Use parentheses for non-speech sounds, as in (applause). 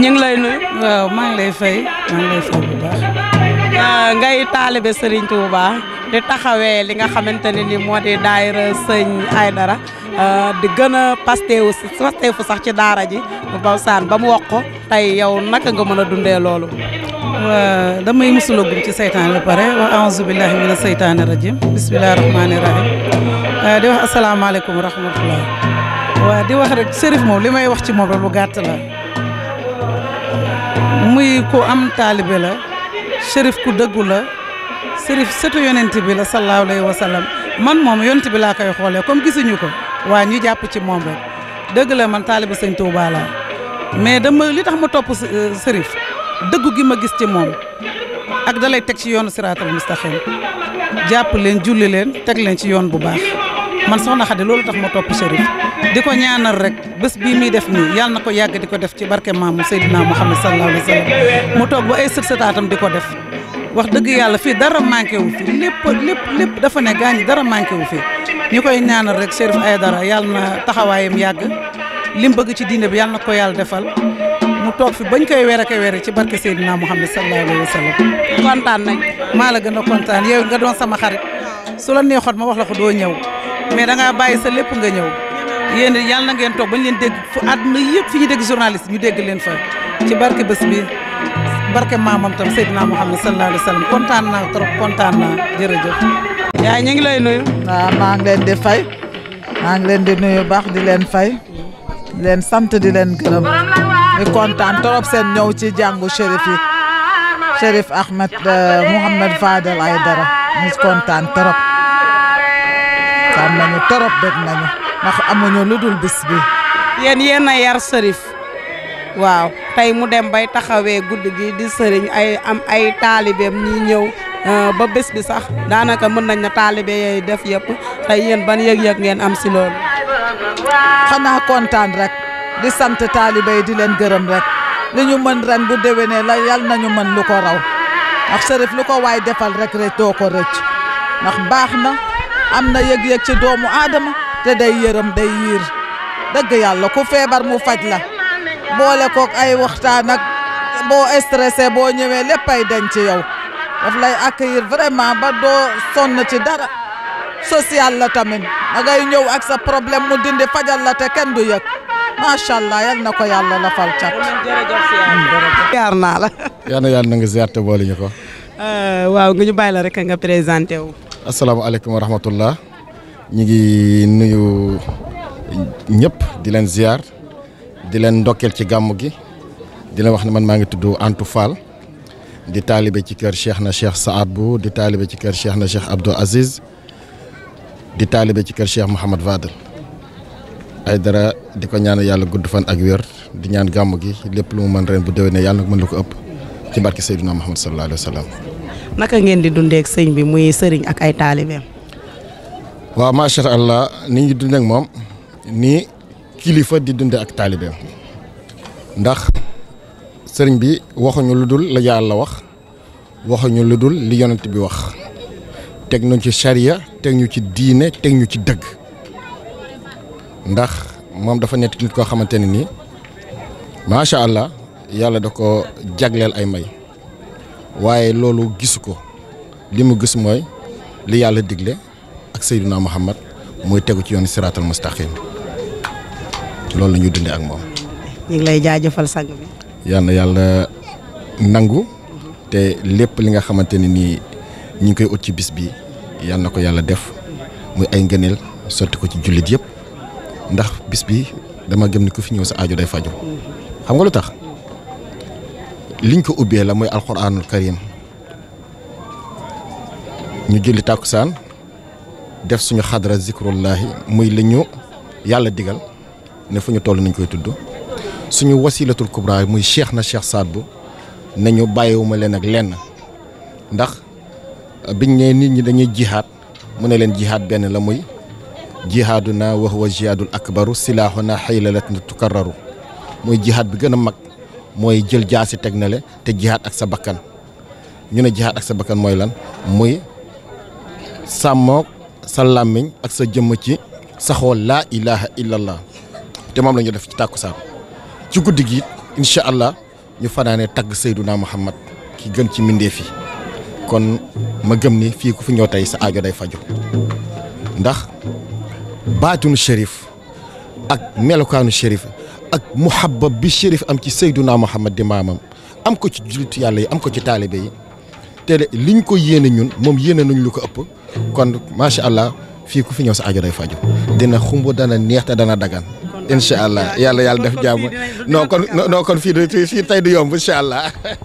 ñu ngi lay nuyu. waaw maa ngi lay fay maa ngi lay fay bu baax. Ah, ngay di taxawee li nga xamante ne ni moo di daayira sëñ Aydara ah, di gën a pasteewu pasteefu sax ci daara ji Bawsaan ba mu wax ko tey yow naka nga mën a dundee loolu. waaw damay musulagum ci seytaan ba pare wax aouzu billahi mina seytaane rajim bismillahi rahmaani rahim ah, di wax asalaamaaleykum wa rahmatullah waaw di wax rek Serif moom li may wax ci moom rek lu gàtt la. muy ku am taalibe la shérif ku dëggu la shérif sëtu yonent bi la sallallahu alayhi wa sallam man moom yonent bi laa koy xoolee comme gisuñu ko waa ñu jàpp ci moom rek dëgg la man taalibe sëñ Touba mais dama li tax ma topp euh, shérif dëggu gi ma gis ci moom ak dalay teg ci yoonu siraatal mustaqim jàpp leen julli leen teg leen ci yoon bu baax man soxna Xadi loolu tax ma topp Chérif di ko ñaanal rek bés bii muy def nii yàlla na ko yàgg di ko def ci barke maamu Seydina Muhammad sallallahu alayhi wa sallam mu toog ba ay sët sëtaatam di ko def wax dëgg yàlla fii dara manqué wu lépp lépp dafa ne gaañ dara manqué wu fi ñu koy ñaanal rek Chérif Aïdara yàlla na taxawaayam yàgg li mu bëgg ci diine bi yàlla na ko yàlla defal mu toog fi bañ koy weer ak a weere ci barke Seydina Muhammad sallallahu alayhi wa sallam. kontaan nañ maa la gën a kontaan y nga doon sama xarit su la ma wax la doo ñëw. mais da bàyyi sa lépp nga ñëw yéen yàlla na toog bañ leen dégg fu àdduna yëpp fi ñu dégg journaliste ñu dégg leen fa ci barke bés bi barke maamam tam Seydina Muhammad sallallahu alayhi kontaan na trop kontaan naa jërëjëf. yaay ñu ngi lay nuyu. waaw maa ngi leen di fay maa ngi leen di nuyu baax di leen fay leen sant di leen di kontaan trop seen ñëw ci jàngu shérif yi shérif Ahmed euh, Mouhamed Fadel Aïdara ñu kontaan trop. kontaan nañu torop bëgg nañu ndax amuñu lu dul bis bi yéen yéen a yar sërif waaw tey mu dem bay taxawee gudd gi di sëriñ ay am ay taalibeem ñi ñëw euh, ba bés bi sax daanaka mën nañ na taalibe yooyu def yëpp tey yéen ban yëg-yëg ngeen am si loolu xanaa kontaan rek di sant taalibe yi di leen gërëm rek li ñu mën ren bu déwénee la yal nañu mën lu ko raw ndax sërif lu ko waay defal rek rek doo ko rëcc ndax baax na am na yëg-yëg ci doomu aadama te day yërëm day yiir dëgg yàlla ku feebar mu faj la boole kook ay waxtaan ak boo stressé boo ñëwee léppay denc ci yow daf lay accueillir vraiment ba doo sonn ci dara social la tamit da ngay ñëw ak sa problème mu dindi fajal la te kenn du yëg macha allah yal na ko yàlla la fal cat. ziar naa la. yal na yàlla te boole ñu ko. Euh, waaw nga ñu bàyyi la rek nga présenté wu. asalaamaaleykum wa rahmatullah ñu ngi nuyu ñëpp di leen ziar di leen ndokkeel ci gàmm gi di leen wax ne man maa ngi tudd Antou Fall di taalibe ci kër Cheikh na Cheikh Saad bu di taalibe ci kër Cheikh na Cheikh Abdou Aziz di taalibe ci kër Cheikh Mouhamad Vadel ay dara di ko ñaan yàlla gudd fan ak wér di ñaan gàmm gi lépp lu mu mën ren bu déwénee yàlla nag mën la ko ëpp ci barke Seydina Mouhamad sallallahu alayhi wa naka ngeen di dundeek ak sëñ bi muy sëriñ ak ay taalibeem. waaw macha allah ni ñu dundee moom ni kilifa di dunde ak taalibeem ndax sëriñ bi waxuñu lu dul la wax waxuñu lu dul li yonent bi wax teg nañ ci charia teg ñu ci diine teg ñu ci dëgg ndax moom dafa nekk nit koo xamante ne nii macha allah yàlla da ko jagleel ay may. waaye loolu gis ko li mu gis mooy li yàlla digle ak naa Muhammad mooy tegu ci yoon siraatal mustaqim loolu la ñuy dundee ak moom. ñu lay jaajëfal sang bi. yàlla nangu. te lépp li nga xamante ne nii ñu ngi koy ut ci bis bi yal na ko yàlla def muy ay ngëneel sotti ko ci jullit yëpp ndax bis bi dama gëm ni ku fi ñëw sa ajo day faju mm-hmm. xam nga lu tax. liñ ko ubbee la mooy alxuraanul karim ñu julli tàkkusaan def suñu xadra zikrullahi muy li ñu yàlla digal ne fu ñu toll nañ koy tudd suñu wasilatul kubra muy cheikh na cheikh Saad na ñu bàyyiwuma leen ak lenn ndax biñ ne nit ñi dañuy jihaat mu ne leen jihaat benn la muy jihaaduna na wax jihaadul akbaru silaahuna xaylalat na tukararu muy jihaat bi gën mag mooy jël jaasi teg na le te jihaat ak sa bakkan ñu ne jihaat ak sa bakkan mooy lan muy sàmmook sa làmmiñ ak sa jëmm ci saxoo laa ilaha illallah te moom la def ci tàkku tàkkusaan ci guddi gi incha allah ñu fanaane tagg Seyduna Muhammad ki gën ci mbindeef kon ma gëm ni fii ku fi ñëw tey sa aajo day faju ndax baatunu shérif ak melokaanu shérif ak muhabba bi shérif am ci Seyduna Muhammad di maamam am ko ci jullit yàlla yi am ko ci taalibe yi te li liñ ko yéene ñun moom yéene nañ lu ko ëpp kon macha allah fii ku fi ñëw sa aajo day faju dina xumb dana neex te dana dagan incha allah yàlla yàlla def jàmm non kon non kon fii fii tey du yomb incha allah. (laughs)